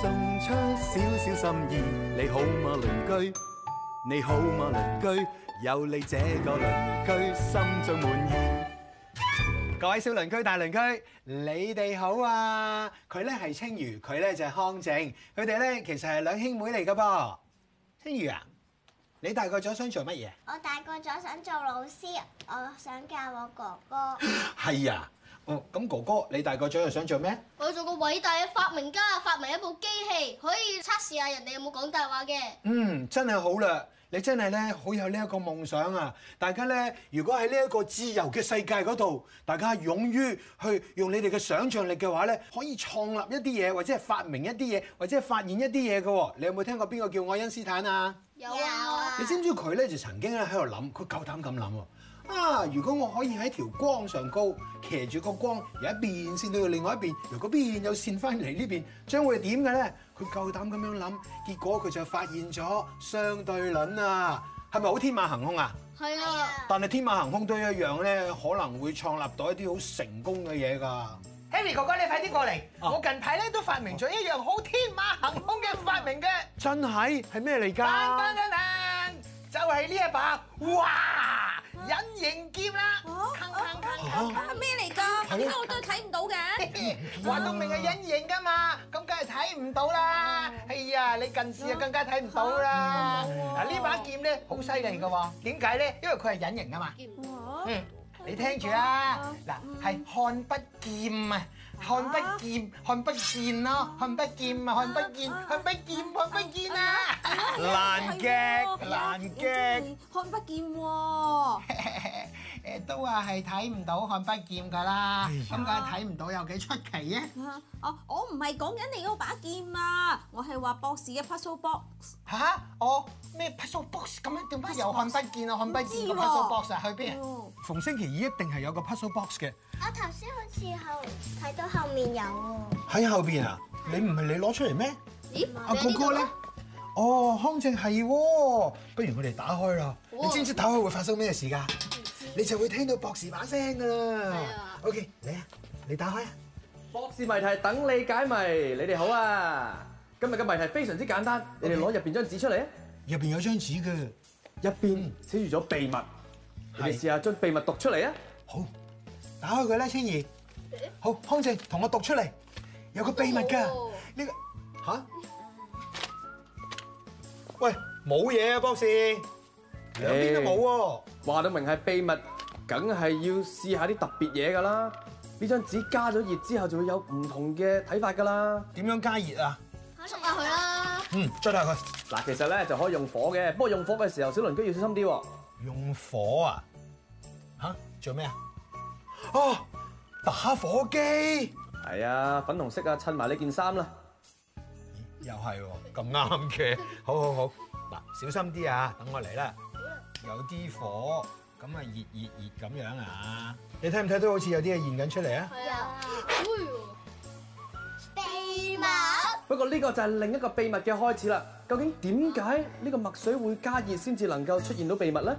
送出少少心意，你好嗎鄰居？你好嗎鄰居？有你這個鄰居，心中滿意。啊、各位小鄰居、大鄰居，你哋好啊！佢咧係青瑜，佢咧就係康靜，佢哋咧其實係兩兄妹嚟㗎噃。青瑜啊，你大個咗想做乜嘢？我大個咗想做老師，我想教我哥哥。係啊。哦，咁哥哥，你大個咗又想做咩？我做個偉大嘅發明家，發明一部機器，可以測試下人哋有冇講大話嘅。嗯，真係好啦，你真係咧好有呢一個夢想啊！大家咧，如果喺呢一個自由嘅世界嗰度，大家勇於去用你哋嘅想像力嘅話咧，可以創立一啲嘢，或者係發明一啲嘢，或者係發現一啲嘢嘅喎。你有冇聽過邊個叫愛因斯坦啊？有啊，你知唔知佢咧就曾經咧喺度諗，佢夠膽咁諗喎。啊！如果我可以喺條光上高騎住個光，由一邊線到另外一邊，由嗰邊又線翻嚟呢邊，將會點嘅咧？佢夠膽咁樣諗，結果佢就發現咗相對論啊！係咪好天馬行空啊？係的啊！但係天馬行空都一樣咧，可能會創立到一啲好成功嘅嘢㗎。Harry 哥哥，你快啲過嚟！啊、我近排咧都發明咗一樣好天馬行空嘅發明嘅。真係係咩嚟㗎？等等等等，就係呢一把，哇！隱形劍啦組，咩嚟㗎？呢個組、啊、我都睇唔到嘅。話到、啊、明係隱形㗎嘛，咁梗係睇唔到啦。啊、哎呀，你近視就更加睇唔到啦。嗱，呢把劍咧好犀利嘅喎，點解咧？因為佢係隱形啊嘛。嗯，你聽住啊，嗱係、嗯、看不見啊。看不見，看不見咯，看不見嘛，看不見，看不見，看不見啊！爛鏡，爛鏡，看不見喎。看不見 誒，都話係睇唔到漢不劍的了呀看不劍㗎啦，咁梗係睇唔到有幾出奇啊！哦、啊，我唔係講緊你嗰把劍啊，我係話博士嘅 puzzle box 吓？我咩、啊啊、puzzle box 咁樣點解又漢不劍啊？漢不劍嘅 puzzle box 成日去邊？逢星期二一定係有個 puzzle box 嘅。我頭先好似後睇到後面有喎，喺後邊啊？你唔係你攞出嚟咩？咦？阿、啊、哥哥咧？哦，康正係喎，不如我哋打開啦。哇你知唔知打開會發生咩事㗎？你就會聽到博士把聲㗎喇！OK，你啊，你打開啊！博士謎題等你解謎，你哋好啊！今日嘅謎題非常之簡單，Okay. 你哋攞入邊張紙出嚟啊！入邊有張紙嘅，入邊寫住咗秘密，是你哋試下將秘密讀出嚟啊！好，打開佢啦，青兒，好 康正，同我讀出嚟，有個秘密噶，呢、這個吓？ 喂，冇嘢啊，博士，兩邊都冇喎。Hey. 話到明係秘密，梗係要試下啲特別嘢噶啦。呢張紙加咗熱之後，就會有唔同嘅睇法噶啦。點樣加熱啊？捽下佢啦。嗯，捽下佢。嗱，其實咧就可以用火嘅。不過用火嘅時候，小輪機要小心啲。用火啊？吓？做咩啊？哦、啊，打火機。係啊，粉紅色啊，襯埋呢件衫啦。又係喎、哦，咁啱嘅。好好好，好，嗱，小心啲啊，等我嚟啦。有啲火，咁啊熱熱熱咁樣啊！你睇唔睇到好似有啲嘢現緊出嚟啊？係啊、哎呦！秘密。不過呢個就係另一個秘密嘅開始啦。究竟點解呢個墨水會加熱先至能夠出現到秘密咧？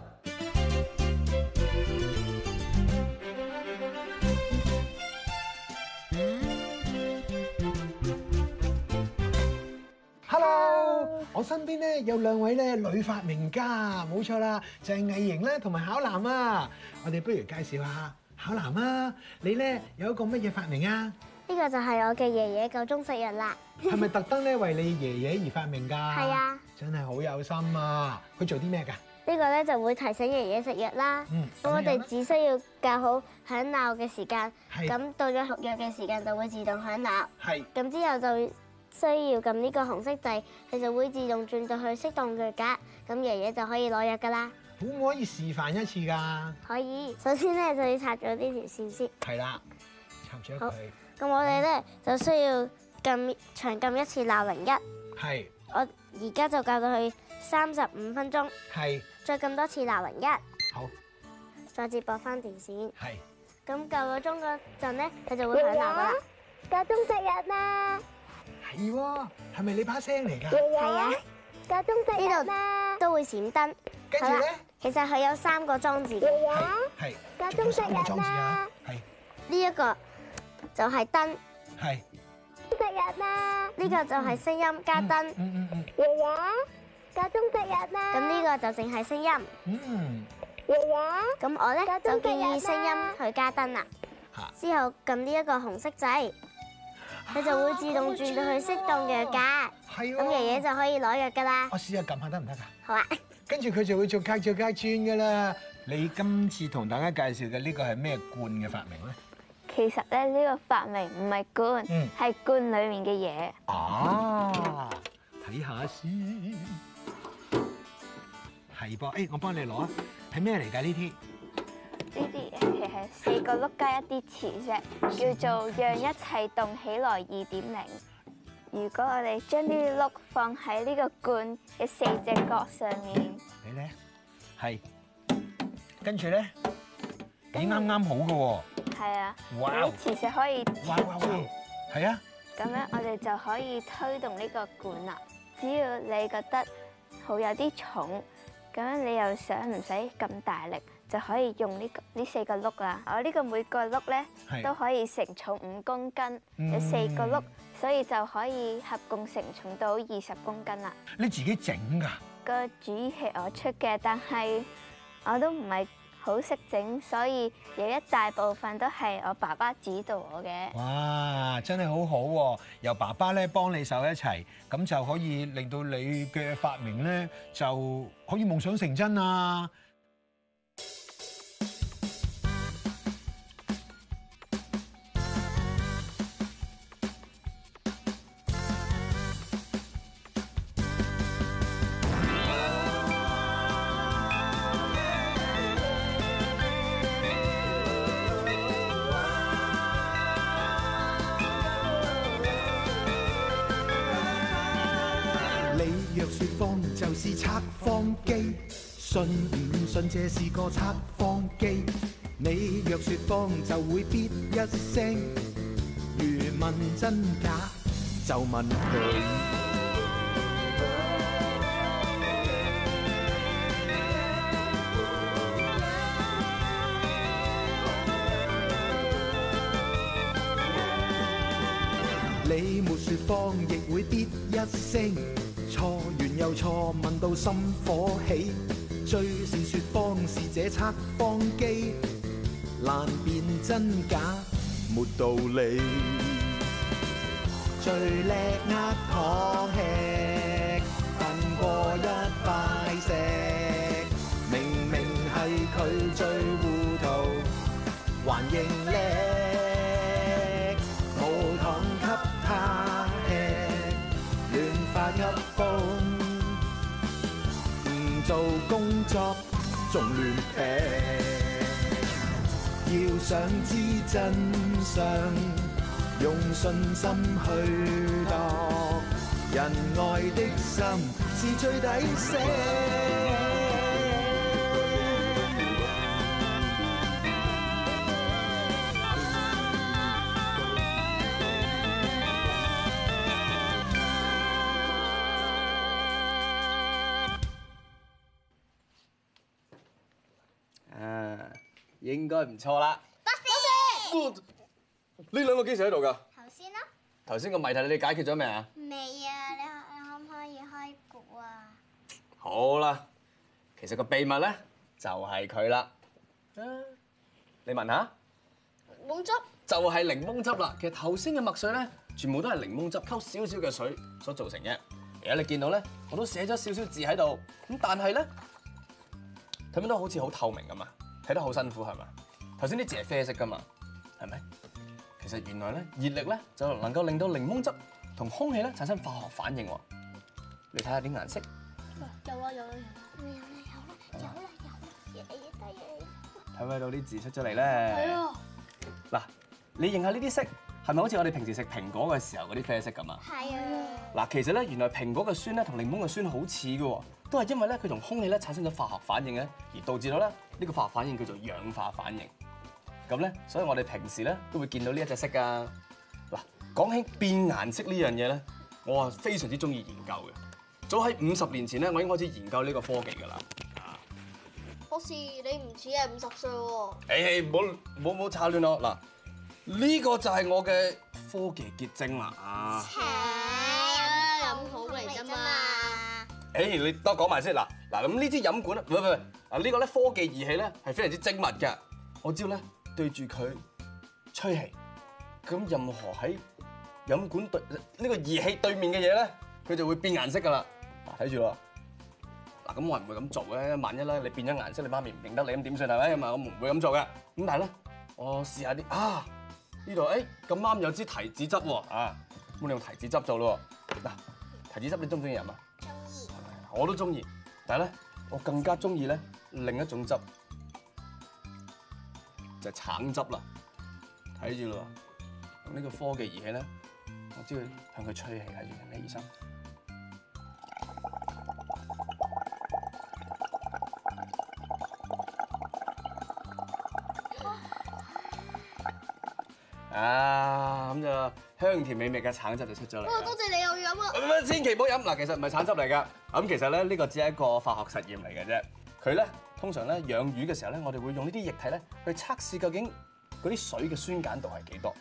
我身邊咧有兩位咧女發明家，冇錯啦，就係魏瑩啦同埋巧楠啊！我哋不如介紹下巧楠啊。你咧有一個乜嘢發明啊？呢個就係我嘅爺爺夠鐘食藥啦。係咪特登咧為你爺爺而發明㗎？係啊！真係好有心啊！佢做啲咩㗎？呢個咧就會提醒爺爺食藥啦。嗯，咁我哋只需要校好響鬧嘅時間，咁到咗服藥嘅時間就會自動響鬧。係。咁之後就，需要撳呢個紅色掣，佢就會自動轉到去適當嘅格，咁爺爺就可以攞藥噶啦。可唔可以示範一次噶？可以。首先咧，就要拆咗呢條線先。係啦，拆咗佢。好。咁我哋咧、嗯、就需要撳長撳一次鬧鈴一。係是。我而家就教到佢三十五分鐘。係是。再撳多次鬧鈴一。好。再接駁翻電線。係是。咁夠個鐘嗰陣咧，佢就會響鬧啦。夠鐘食藥啦！係喎，係咪你把聲嚟噶？係啊，加鐘聲呢度呢都會閃燈。跟住呢，其實佢有三個裝置嘅。係啊，係加鐘聲入啦。係呢一個就係燈。係。入啦，呢個就係聲音加燈。嗯嗯嗯。爺爺，加鐘聲入啦。咁呢個就淨係聲音。嗯。爺爺，咁我呢就建議聲音去加燈啦。吓。之後撳呢一個紅色掣。佢就會自動轉到去適當藥㗎，係咁、啊啊、爺爺就可以攞藥㗎啦。我試下撳下得唔得㗎？好啊，跟住佢就會做街做街村㗎啦。你今次同大家介紹嘅呢個係咩罐嘅發明咧？其實咧呢、呢個發明唔係罐，嗯，係罐裡面嘅嘢。啊，睇下先，係噃，誒，我幫你攞啊，係咩嚟㗎呢啲？呢啲其實係四個碌加一啲磁石，叫做讓一切動起來二點零。如果我哋將啲碌放喺呢個罐嘅四隻角上面，你咧係跟住咧，你啱啱好㗎喎。係啊，啲磁石可以。哇哇哇！係啊。咁樣我哋就可以推動呢個罐啦。只要你覺得好有啲重，咁樣你又想唔使咁大力。就可以用呢個呢四個碌啦。我呢個每個碌咧都可以承重五公斤，有四個碌，所以就可以合共承重到二十公斤啦。你自己整㗎？個主意係我出嘅，但係我都唔係好識整，所以有一大部分都係我爸爸指導我嘅。哇！真係好好喎，由爸爸咧幫你手一齊，咁就可以令到你嘅發明咧就可以夢想成真啊！就是測謊機，信唔信這是個測謊機？你若說謊就會跌一聲，如問真假就問佢。你沒說謊亦會跌一聲，錯。又錯，問到心火起，最是說方是這測謊機，難辨真假沒道理， 最叻呃糖吃，笨過一塊石。做工作仲亂劈，要想知真相，用信心去度人愛的心是最抵錫。應該唔錯啦。老師，呢兩個機智喺度噶。頭先啦。頭先個問題你哋解決咗未啊？未啊，你可可唔可以開谷啊？好啦，其實個秘密咧就係佢啦。嗯，你問下。檸檬汁。就係檸檬汁啦。其實頭先嘅墨水咧，全部都係檸檬汁，溝少少嘅水所造成嘅。而家你見到咧，我都寫咗少少字喺度，咁但係咧，睇乜都好似好透明咁啊。睇得好辛苦係咪？頭先啲字係啡色㗎嘛，係咪？其實原來咧，熱力咧就能夠令到檸檬汁同空氣咧產生化學反應喎。你睇下啲顏色，有啊有有有有啦有啦有啦有！睇唔睇到啲字出咗嚟咧？係啊！嗱，你認下呢啲色係咪好似我哋平時食蘋果嘅時候嗰啲啡色咁啊？係啊！嗱，其實咧原來蘋果嘅酸咧同檸檬嘅酸好似嘅，都係因為咧佢同空氣咧產生咗化學反應咧而導致到咧。呢個化反應叫做氧化反應，咁咧，所以我哋平時咧都會見到呢一隻色㗎。嗱，講起變顏色呢樣嘢咧，我啊非常之中意研究嘅。早喺五十年前咧，我已經開始研究呢個科技㗎啦。博士，你唔似係五十歲喎？誒，冇冇冇，差亂囉嗱，呢、這個就係我嘅科技結晶啦。請飲好嚟啫嘛。誒、啊，你多講埋先嗱嗱咁呢支飲管，唔唔唔。啊！呢個咧科技儀器咧係非常之精密嘅，我只要咧對住佢吹氣，咁任何喺飲管對呢個儀器對面嘅嘢咧，佢就會變顏色噶啦。睇住喎。嗱，咁我唔會咁做嘅。萬一咧你變咗顏色，你媽咪唔認得你咁點算啊？係咪？咁係我唔會咁做嘅。咁但係咧，我試下啲啊呢度誒咁啱有支提子汁喎啊！咁你用提子汁做咯。嗱，提子汁你中唔中意飲啊？中意歡。我都中意。但係咧，我更加中意咧。另一種汁就係、是、橙汁啦，睇住啦。咁呢個科技儀器呢，我只要向佢吹氣，睇住啲氣息。啊，咁就香甜美味嘅橙汁就出咗嚟。多謝你又飲啊！要飲，千祈唔好飲！其實唔係橙汁嚟㗎，咁其實咧呢個只係一個化學實驗嚟嘅啫。佢咧通常咧養魚嘅時候咧，我哋會用呢啲液體咧去測試究竟嗰啲水嘅酸鹼度係幾多，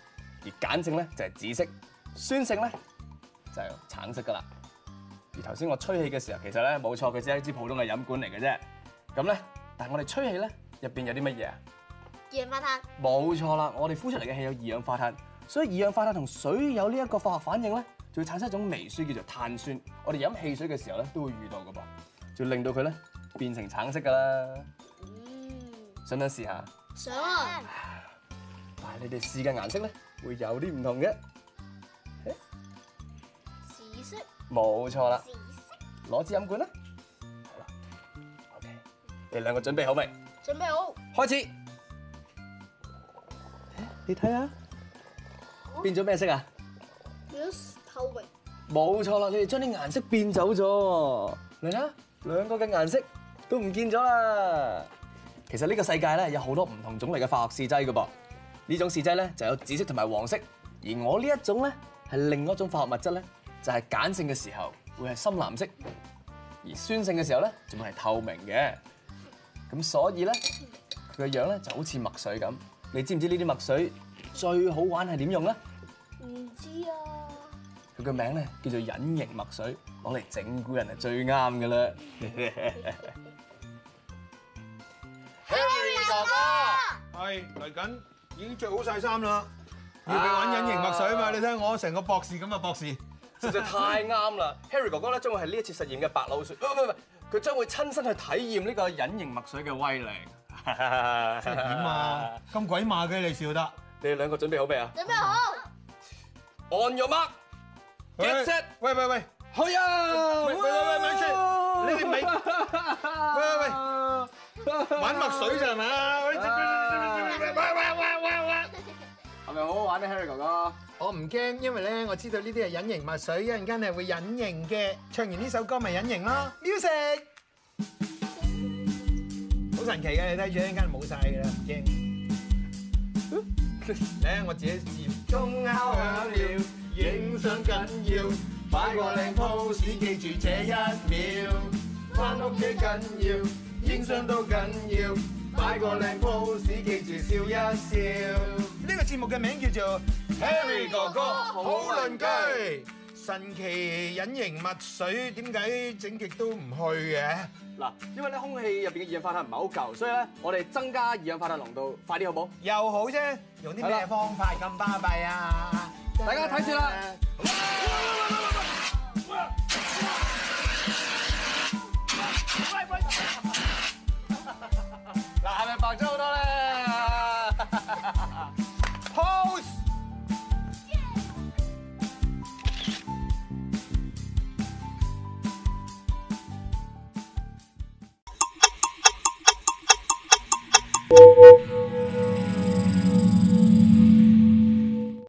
而鹼性咧就係紫色，酸性咧就係橙色噶啦。而頭先我吹氣嘅時候，其實咧冇錯，佢只係一支普通嘅飲管嚟嘅啫。咁咧，但係我哋吹氣咧入邊有啲乜嘢啊？二氧化碳。冇錯啦，我哋呼出嚟嘅氣有二氧化碳，所以二氧化碳同水有呢一個化學反應咧，就會產生一種微酸叫做碳酸。我哋飲汽水嘅時候咧都會遇到嘅噃，就令到佢咧。變成橙色噶啦，嗯，想唔想試下，想，但係你哋試嘅顏色咧會有啲唔同嘅，紫色，冇錯啦，紫色，攞支飲管啦，好啦，OK，你兩個準備好未？準備好，開始，你睇下變咗咩色啊？變咗透明，冇錯啦，你哋將啲顏色變走咗，嚟啦，兩個嘅顏色。都唔見咗啦！其實呢個世界咧有好多唔同種類嘅化學試劑嘅噃，呢種試劑咧就有紫色同埋黃色，而我呢一種咧係另一種化學物質咧，就係鹼性嘅時候會係深藍色，而酸性嘅時候咧仲會係透明嘅。咁所以咧佢個樣咧就好似墨水咁。你知唔知呢啲墨水最好玩係點用咧？唔知啊。佢個名咧叫做隱形墨水，攞嚟整蠱人係最啱嘅啦。Harry 哥哥係嚟緊，已經著好曬衫啦，要佢玩隱形墨水嘛？你聽我成個博士咁嘅博士，實在太啱啦！Harry 哥哥咧將會係呢一次實驗嘅白老鼠，唔唔唔，佢將會親身去體驗呢個隱形墨水嘅威力。點啊？咁鬼馬嘅你笑得，你哋兩個準備好未啊？準備好，按藥墨。get set，喂喂喂好啊！喂喂喂喂，呢啲咪喂喂喂玩墨水咋嘛？喂喂喂喂喂，係咪好好玩咧，Harry 哥哥？我唔驚，因為咧我知道呢啲係隱形墨水，一陣間係會隱形嘅。唱完呢首歌咪隱形咯。Music，好神奇嘅，你睇住一陣間冇晒噶啦，唔驚。咧我自己掂。影相緊要，擺個靚 pose 記住這一秒，翻屋企緊要，影相都緊要，擺個靚 pose 記住笑一笑。呢個節目嘅名叫做《Harry 哥哥好鄰居》。神奇隱形墨水點解整極都唔去嘅？嗱，因為咧空氣入邊嘅二氧化碳唔係好夠，所以咧我哋增加二氧化碳濃度快點，快啲好冇好？又好啫，用啲咩方法咁巴閉啊？了大家睇住啦。好拜拜。